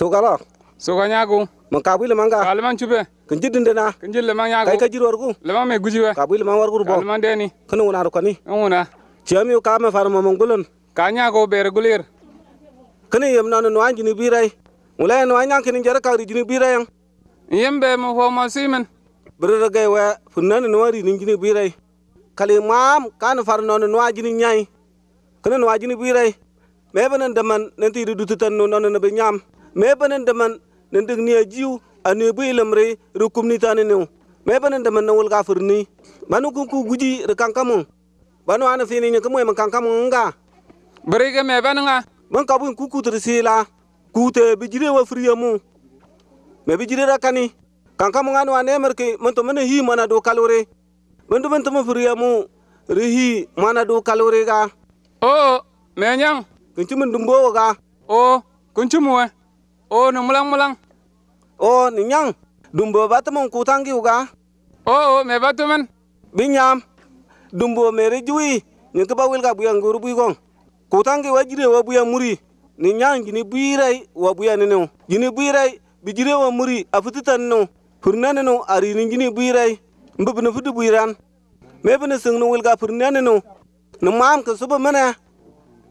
sugala suga nyagu man kabu le manga ka leman kencil kinjid ndena kinjid le manyagu kai kajir warku lemang me guji kabu kabui lemang warku bo leman deni kunu wona ru kena wona ciami uka me farma mongulun ka nyago ber kena kini yem nanu no anjini birai mulai nuan anyan kini jarak kari jini birai yang yembe mo ho ma simen birra gay wa funnan no jini birai kali mam kan far nuan jini nyai kena nuan jini birai mebenan daman nanti dudutan no no be nyam mebanen daman nendig niya jiu ane bu ilamre rukum ni tane ne mebanen daman nawul gafir ni manu kungku guji rekan kamu banu ana fini nya kamu emang kang kamu nga berige mebanen nga man kabun kuku kutur la kute bijire wa friyamu me jire rakani kang kamu anu ane merke man mene mana hi mana do kalore mentu to man to rihi mana do kalore ga oh menyang kunci mendumbo ga oh kunci eh Oh, no mulang mulang. Oh, ninyang Dumbo batu mong kutang ki uga. Oh, oh, me batu man. Binyam. Dumbo mere jui. Ni ke wilka ka buyang guru bui gong. Kutang ki wajire wa muri. ninyang nyang gini buirai wa buyang nenu. Gini buirai bijire wa muri afutitan nu. Furnane nu ari ni gini Mbe bina fudu buiran. Mebene sing nu wilka furnane nu. Ni maam ke suba mana.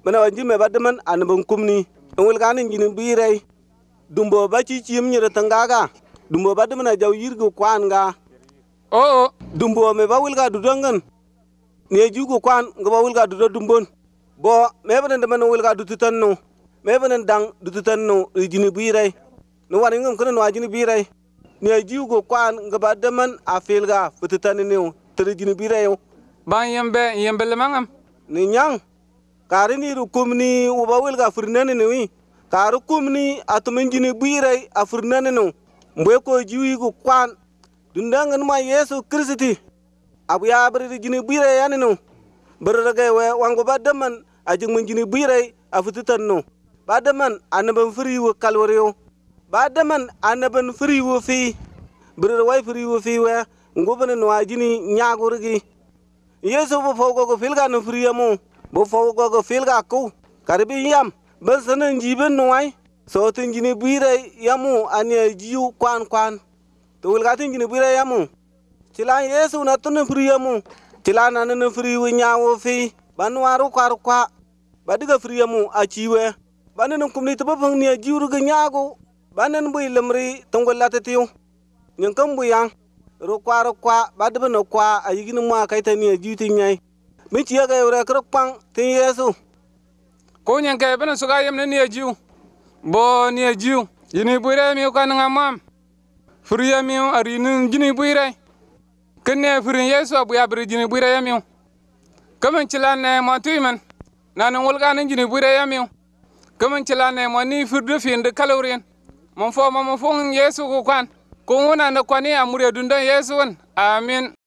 Mana wajime badu man anabang kumni. Ngulkanin gini buirai dumbo ba ci ci nyira tangaga dumbo ba dumna jaw yirgu kwan ga o oh. dumbo me ba wilga dudongan ne jugu kwan ga ba wilga dudo dumbon bo me ba nan man wilga dutu tanno me ba nan dang dutu tanno jini no wani ngam kana no ajini birai ne jugu kwan ga ba daman a filga fututan ne tere jini birai ban yembe yembe lemangam ni nyang kari ni rukum ba uba wilga furnene ni wi karu kumni atumin jini bwirai afurnaninu mbwe ko jiwigu kwan dundangin ma yesu kristi abu ya birri jini bwirai yaninu birragai we wangu badaman ajigmin jini bwirai afutitannu badaman anaban firiwo kalwariyo badaman anaban wu fi birir wai wu fi we ngubani nuwa jini nyagurigi yesu bu fawgogo filga nu firiyamu bu fawgogo filga ku karibi yam bất besene nji ben nuwai so tin jini ra, yamu anh ấy ania quan kwan kwan to wulga tin jini ra yamu cila yesu na tunu firi yamu cila na nunu firi winya wo fi banwaru kwar kwa badiga firi yamu đi tập cô, a ciwe banin kumni to bafang ni jiu ruga nyago banin bwi limri tongolla tatiu nyen kan buya ro kwa ro kwa badibno kwa ayigini mwa kaitani jiu tin nyai mi e ciya ga e yore kro kwang tin yesu ko nyen ke bena suka yem ne nie jiu bo nie jiu yini buire mi ka nga mam furiye mi ari ni jini buire kenne furin yesu abu ya bri jini buire yemi kamen cila ne mo tuimen nanin wulga ne jini buire yemi kamen cila ne ma ni furdu fin de kalorien mon fo mo fo yesu ko kwan ko wona na kwani amure dundan yesu won amin